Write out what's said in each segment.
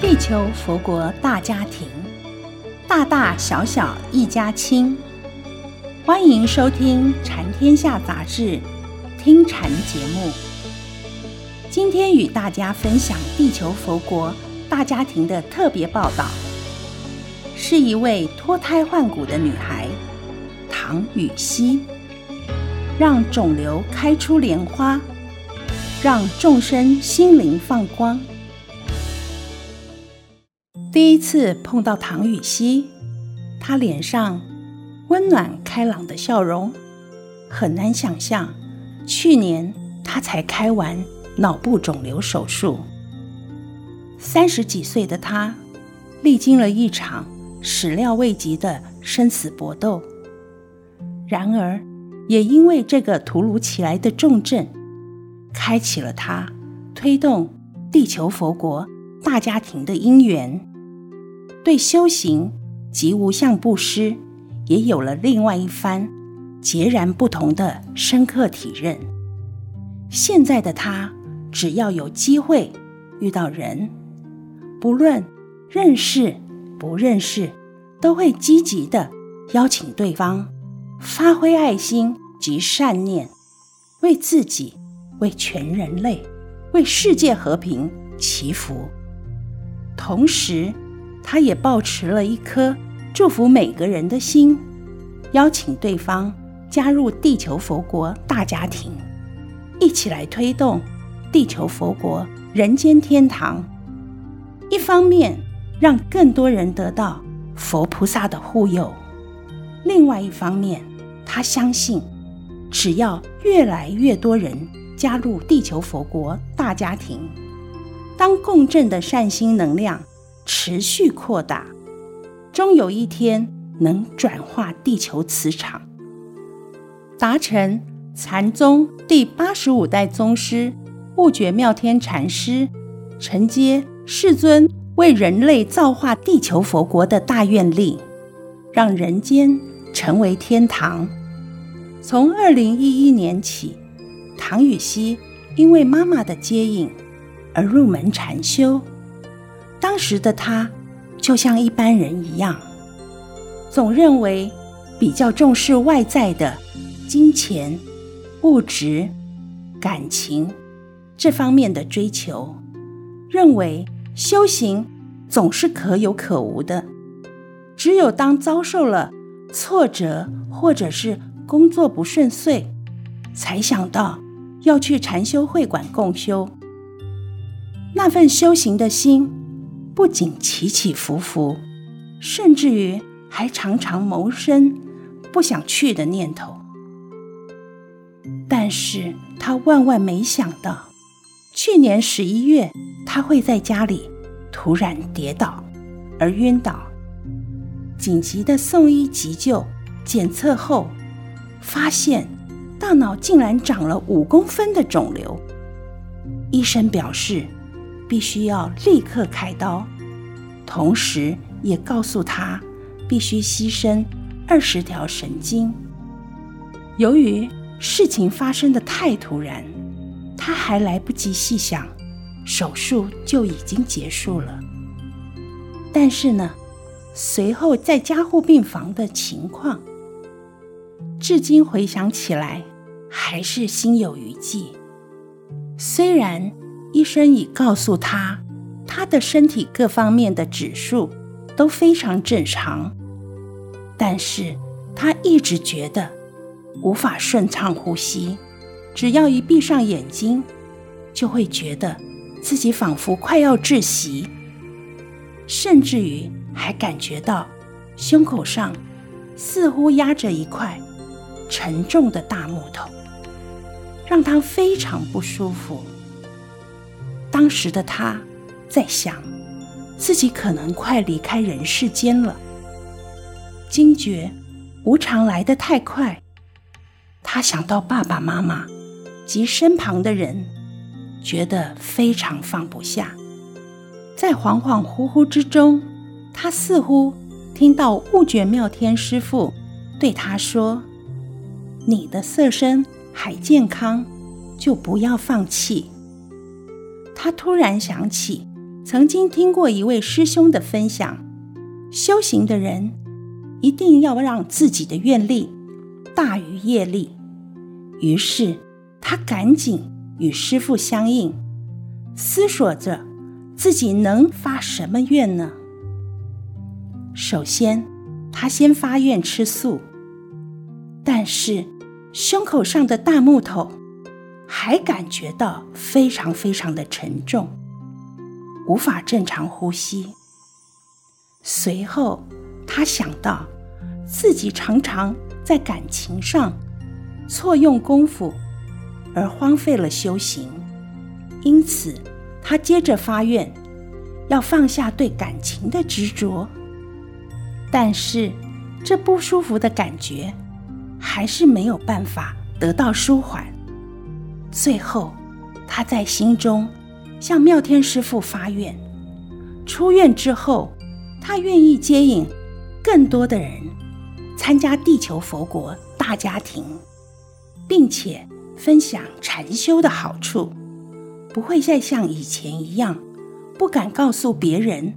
地球佛國大家庭，大大小小一家親。歡迎收聽《禪天下》雜誌《聽禪》節目。今天與大家分享地球佛國大家庭的特別報道，是一位脫胎換骨的女孩唐雨希，讓腫瘤開出蓮花，讓眾生心靈放光。第一次碰到唐雨希，他臉上溫暖開朗的笑容，很難想象去年他才開完腦部腫瘤手術。三十幾歲的他，歷經了一場始料未及的生死搏鬥，然而也因為這個突如其來的重症，開啟了他推動地球佛國大家庭的因緣。對修行及無相布施也有了另外一番截然不同的深刻體認。現在的她，只要有機會遇到人，不論認識不認識，都會積極地邀請對方，發揮愛心及善念，為自己、為全人類、為世界和平祈福，同時，他也抱持了一顆祝福每個人的心，邀請對方加入地球佛國大家庭，一起來推動地球佛國人間天堂。一方面，讓更多人得到佛菩薩的護佑；另外一方面，他相信，只要越來越多人加入地球佛國大家庭，當共振的善心能量持續擴大，終有一天能轉化地球磁場，達成禪宗第八十五代宗師悟覺妙天禪師承接世尊為人類造化地球佛國的大願力，讓人間成為天堂。從二零一一年起，唐雨希因為媽媽的接引而入門禪修。當時的他，就像一般人一樣，總認為比較重視外在的金錢、物質、感情這方面的追求，認為修行總是可有可無的。只有當遭受了挫折，或者是工作不順遂，才想到要去禪修會館共修，那份修行的心。不僅起起伏伏，甚至於還常常萌生不想去的念頭。但是她萬萬沒想到，去年十一月，她會在家裡突然跌倒而暈倒，緊急的送醫急救，檢測後發現大腦竟然長了五公分的腫瘤。醫生表示。必須要立刻開刀，同時也告訴他必須犧牲二十條神經。由於事情發生得太突然，他還來不及細想，手術就已經結束了。但是呢，隨後在加護病房的情況，至今回想起來還是心有餘悸。雖然。醫生已告訴他，他的身體各方面的指數都非常正常，但是他一直覺得無法順暢呼吸，只要一閉上眼睛，就會覺得自己仿佛快要窒息，甚至於還感覺到胸口上似乎壓着一塊沉重的大木頭，讓他非常不舒服。當時的他，在想，自己可能快離開人世間了。驚覺，無常來得太快。他想到爸爸媽媽及身旁的人，覺得非常放不下。在恍恍惚惚之中，他似乎聽到悟覺妙天師父對他說：“你的色身還健康，就不要放棄。”她突然想起，曾經聽過一位師兄的分享：修行的人一定要讓自己的願力大於業力。於是她趕緊與師父相應，思索着自己能發什麼願呢？首先，她先發願吃素，但是胸口上的大木頭。還感覺到非常非常的沉重，無法正常呼吸。隨後，他想到自己常常在感情上錯用功夫，而荒廢了修行，因此他接着發願要放下對感情的執着。但是，這不舒服的感覺還是沒有辦法得到舒緩。最後，他在心中向妙天師父發願。出院之後，他願意接引更多的人參加地球佛國大家庭，並且分享禪修的好處，不會再像以前一樣不敢告訴別人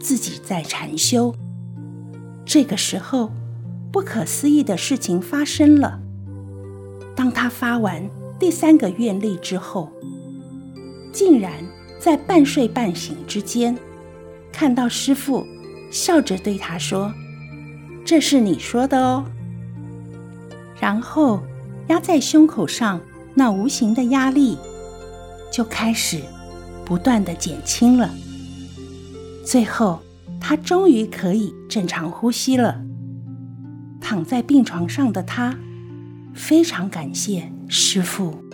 自己在禪修。這個時候，不可思議的事情發生了。當他發完，第三個願力之後，竟然在半睡半醒之間，看到師父笑着對他說：“這是你說的哦。”然後壓在胸口上那無形的壓力就開始不斷的減輕了。最後，他終於可以正常呼吸了。躺在病床上的他，非常感謝。師父，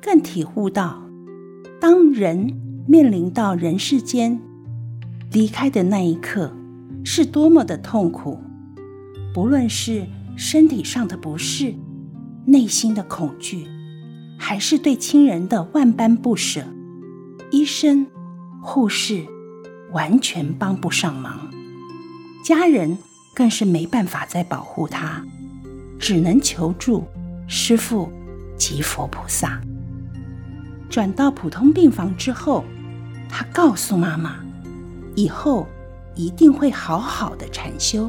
更體悟到，當人面臨到人世間離開的那一刻，是多麼的痛苦。不論是身體上的不適、內心的恐懼，還是對親人的萬般不舍，醫生、護士完全幫不上忙，家人更是沒辦法再保護他，只能求助師父。吉佛菩薩轉到普通病房之後，她告訴媽媽：“以後一定會好好的禪修，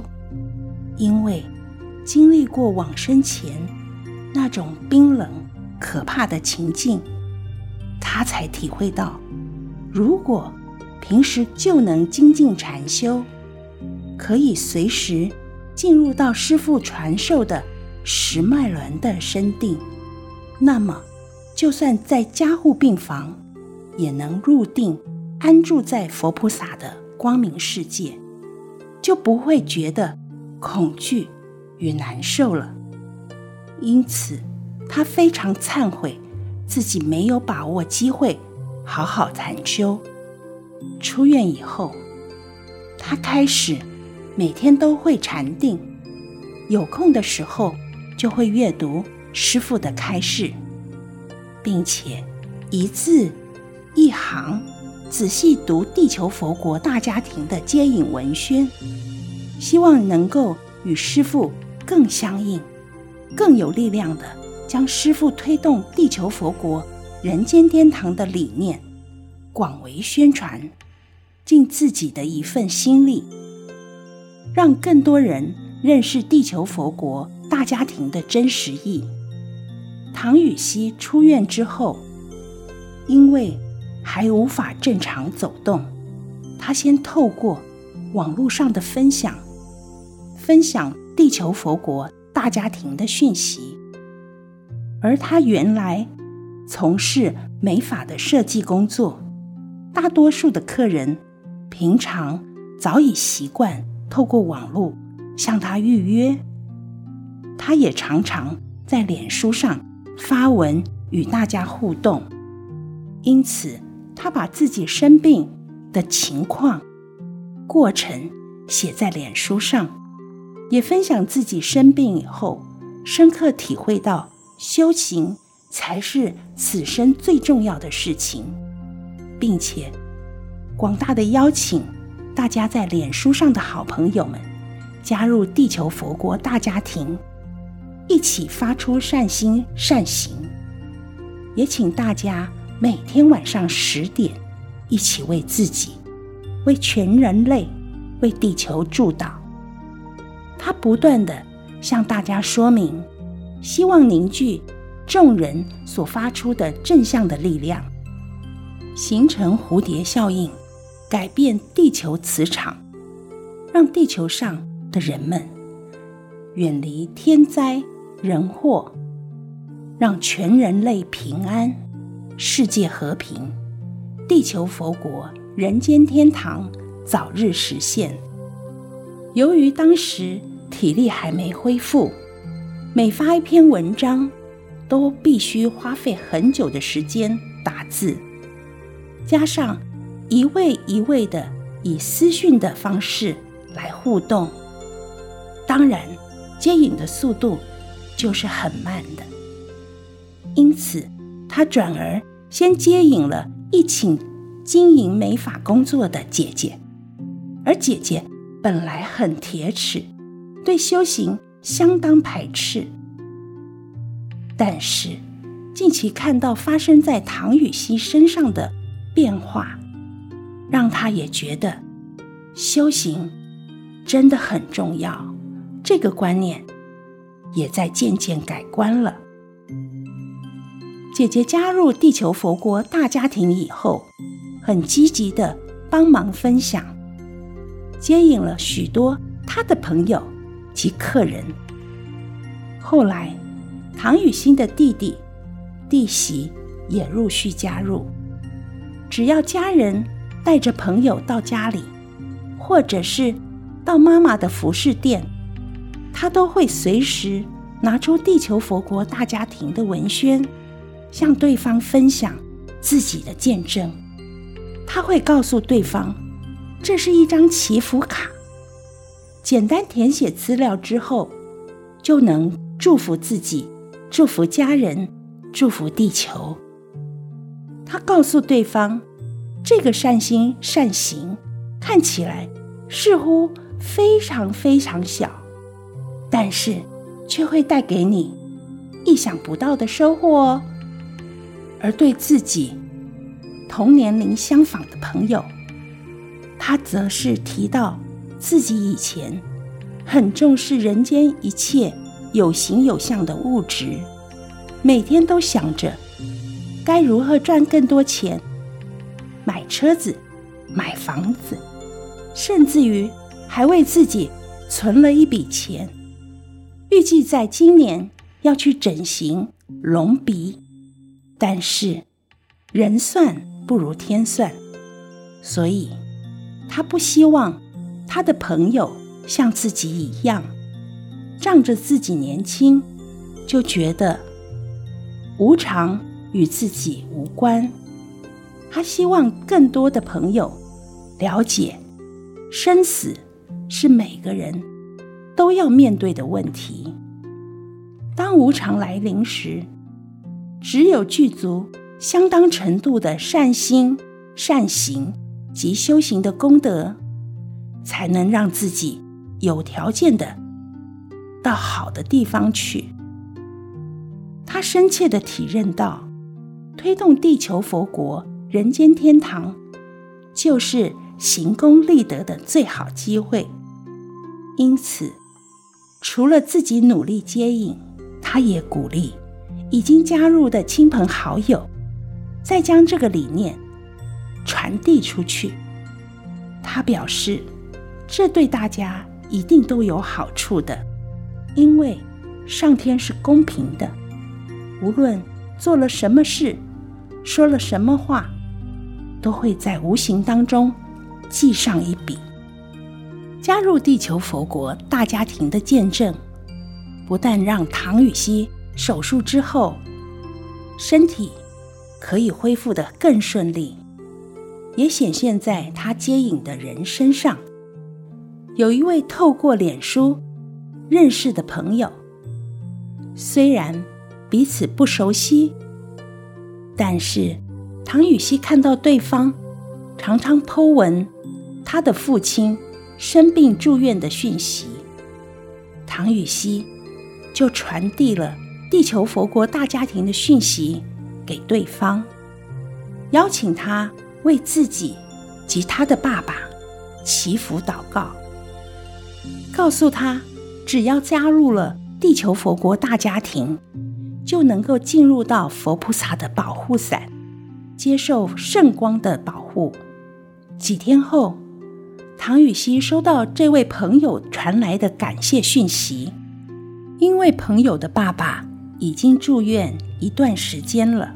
因為經歷過往生前那種冰冷可怕的情境，她才體會到，如果平時就能精進禪修，可以隨時進入到師父傳授的十脈輪的身定。”那麼，就算在加護病房，也能入定安住在佛菩薩的光明世界，就不會覺得恐懼與難受了。因此，他非常懺悔自己沒有把握機會好好禪修。出院以後，他開始每天都會禪定，有空的時候就會閱讀。師父的開示，並且一字一行仔細讀《地球佛國大家庭》的接引文宣，希望能夠與師父更相應，更有力量的將師父推動地球佛國、人間天堂的理念廣為宣傳，盡自己的一份心力，讓更多人認識地球佛國大家庭的真實意。唐雨希出院之後，因為還無法正常走動，她先透過網絡上的分享，分享地球佛國大家庭的訊息。而她原來從事美髮的設計工作，大多數的客人平常早已習慣透過網絡向她預約，她也常常在臉書上，發文與大家互動，因此他把自己生病的情況、過程寫在臉書上，也分享自己生病以後深刻體會到修行才是此生最重要的事情，並且廣大的邀請大家在臉書上的好朋友們加入地球佛國大家庭。一起發出善心善行，也請大家每天晚上十點一起為自己、為全人類、為地球祝禱。他不斷的向大家說明，希望凝聚眾人所發出的正向的力量，形成蝴蝶效應，改變地球磁場，讓地球上的人們遠離天災。人禍，讓全人類平安，世界和平，地球佛國、人間天堂早日實現。由於當時體力還沒恢復，每發一篇文章都必須花費很久的時間打字，加上一位一位的以私訊的方式來互動，當然接引的速度。就是很慢的。因此他轉而先接引了一起經營美法工作的姐姐，而姐姐本來很鐵齒，對修行相當排斥。但是近期看到發生在唐雨希身上的變化，讓她也覺得修行真的很重要，這個觀念。也在漸漸改觀了。姐姐加入地球佛國大家庭以後，很積極的幫忙分享，接引了許多她的朋友及客人。後來，唐雨希的弟弟、弟媳也陸續加入。只要家人帶着朋友到家裡，或者是到媽媽的服飾店。她都會隨時拿出地球佛國大家庭的文宣，向對方分享自己的見證。她會告訴對方，這是一張祈福卡，簡單填寫資料之後，就能祝福自己、祝福家人、祝福地球。她告訴對方，這個善心善行看起來似乎非常非常小。但是，卻會帶給你意想不到的收穫哦。而對自己同年齡相仿的朋友，他則是提到自己以前很重視人間一切有形有相的物質，每天都想着該如何賺更多錢，買車子、買房子，甚至於還為自己存了一筆錢。預計在今年要去整形隆鼻，但是人算不如天算，所以他不希望他的朋友像自己一樣，仗着自己年輕就覺得無常與自己無關。他希望更多的朋友了解，生死是每個人。都要面對的問題。當無常來臨時，只有具足相當程度的善心、善行及修行的功德，才能讓自己有條件的到好的地方去。她深切的體認到，推動地球佛國、人間天堂，就是行功立德的最好機會。因此，除了自己努力接引，他也鼓勵已經加入的親朋好友，再將這個理念傳遞出去。他表示，這對大家一定都有好處的，因為上天是公平的，無論做了什麼事，說了什麼話，都會在無形當中記上一筆。加入地球佛國大家庭的見證，不但讓唐雨希手術之後身體可以恢復得更順利，也顯現在他接引的人身上。有一位透過臉書認識的朋友，雖然彼此不熟悉，但是唐雨希看到對方常常 Po 文他的父親生病住院的訊息，唐雨希就傳遞了地球佛國大家庭的訊息給對方，邀請他為自己及他的爸爸祈福禱告，告訴他只要加入了地球佛國大家庭，就能夠進入到佛菩薩的保護傘，接受聖光的保護。幾天後，唐雨希收到這位朋友傳來的感謝訊息，因為朋友的爸爸已經住院一段時間了。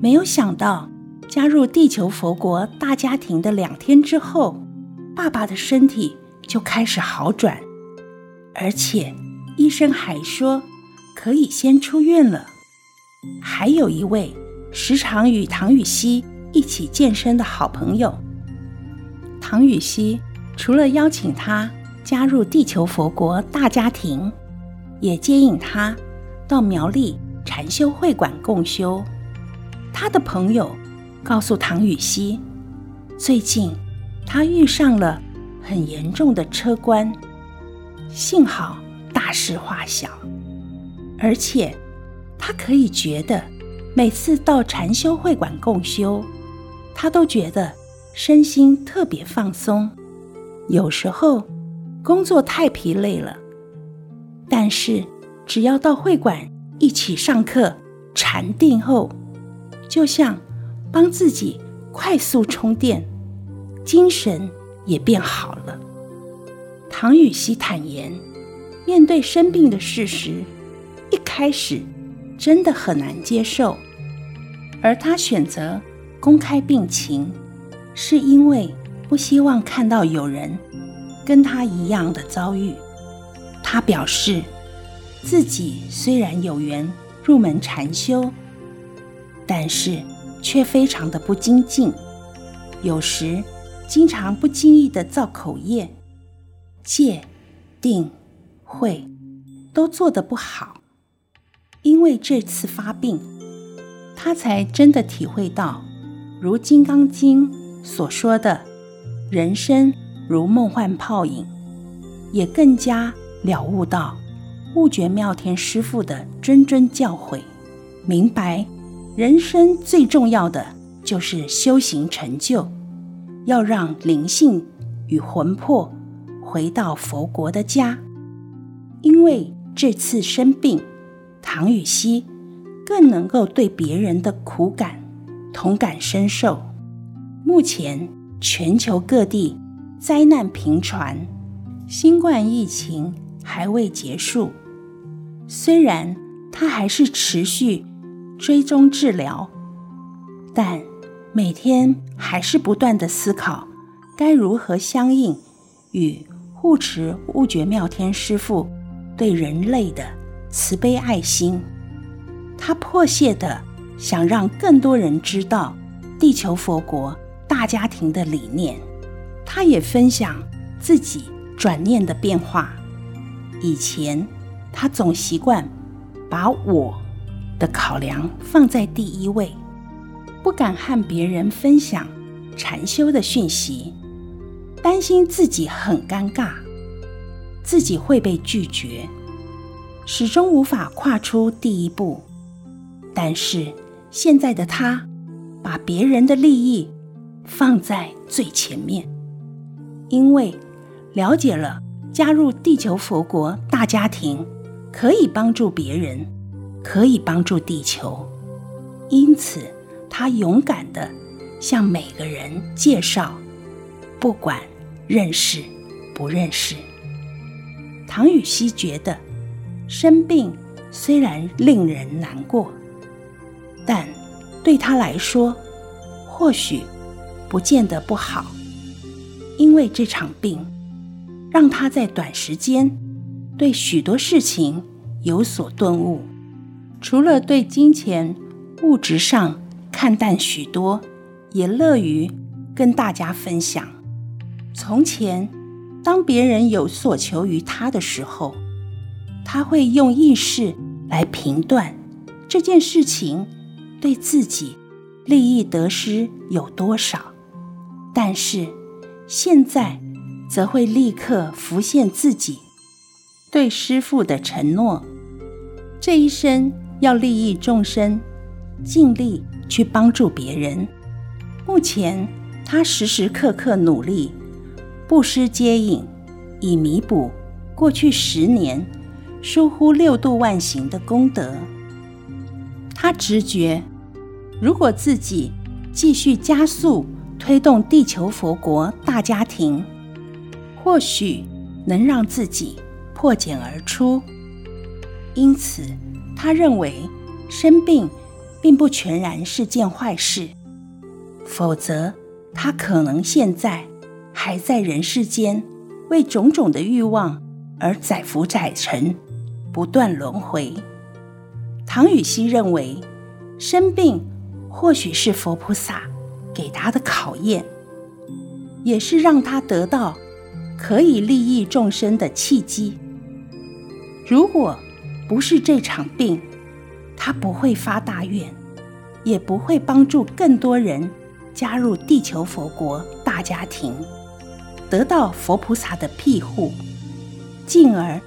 沒有想到，加入地球佛國大家庭的兩天之後，爸爸的身體就開始好轉，而且醫生還說可以先出院了。還有一位時常與唐雨希一起健身的好朋友。唐雨希除了邀請他加入地球佛國大家庭，也接引他到苗栗禪修會館共修。他的朋友告訴唐雨希，最近他遇上了很嚴重的車關，幸好大事化小，而且他可以覺得，每次到禪修會館共修，他都覺得。身心特別放鬆，有時候工作太疲累了，但是只要到會館一起上課、禪定後，就像幫自己快速充電，精神也變好了。唐雨希坦言，面對生病的事實，一開始真的很難接受，而他選擇公開病情，是因為不希望看到有人跟他一樣的遭遇。他表示，自己雖然有緣入門禪修，但是卻非常的不精進，有時經常不經意的造口業，戒、定、慧，都做得不好。因為這次發病，他才真的體會到如《金剛經》，所說的“人生如夢幻泡影”，也更加了悟到悟覺妙天師父的諄諄教誨，明白人生最重要的就是修行成就，要讓靈性與魂魄回到佛國的家。因為這次生病，唐雨希更能夠對別人的苦感同感深受。目前全球各地災難頻傳，新冠疫情還未結束。雖然他還是持續追蹤治療，但每天還是不斷的思考該如何相應與護持悟覺妙天師父對人類的慈悲愛心。他迫切的想讓更多人知道地球佛國。大家庭的理念，他也分享自己轉念的變化。以前，他總習慣把我的考量，放在第一位，不敢和別人分享禪修的訊息，擔心自己很尷尬，自己會被拒絕，始終無法跨出第一步。但是現在的他，把別人的利益放在最前面，因為了解了加入地球佛國大家庭可以幫助別人，可以幫助地球，因此他勇敢地向每個人介紹，不管認識不認識。唐雨希覺得生病雖然令人難過，但對他來說或許。不見得不好，因為這場病讓他在短時間對許多事情有所頓悟。除了對金錢物質上看淡許多，也樂於跟大家分享。從前，當別人有所求於他的時候，他會用意識來評斷這件事情對自己利益得失有多少。但是，現在則會立刻浮現自己對師父的承諾：這一生要利益眾生，盡力去幫助別人。目前他時時刻刻努力布施接引，以彌補過去十年疏忽六度萬行的功德。他直覺，如果自己繼續加速，推動地球佛國大家庭，或許能讓自己破繭而出。因此，她認為生病並不全然是件壞事，否則她可能現在還在人世間為種種的慾望而載浮載沉，不斷輪迴。唐雨希認為，生病或許是佛菩薩，給他的考驗，也是讓他得到可以利益眾生的契機。如果不是這場病，他不會發大願，也不會幫助更多人加入地球佛國大家庭，得到佛菩薩的庇護，進而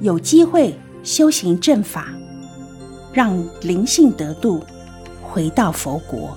有機會修行正法，讓靈性得度回到佛國。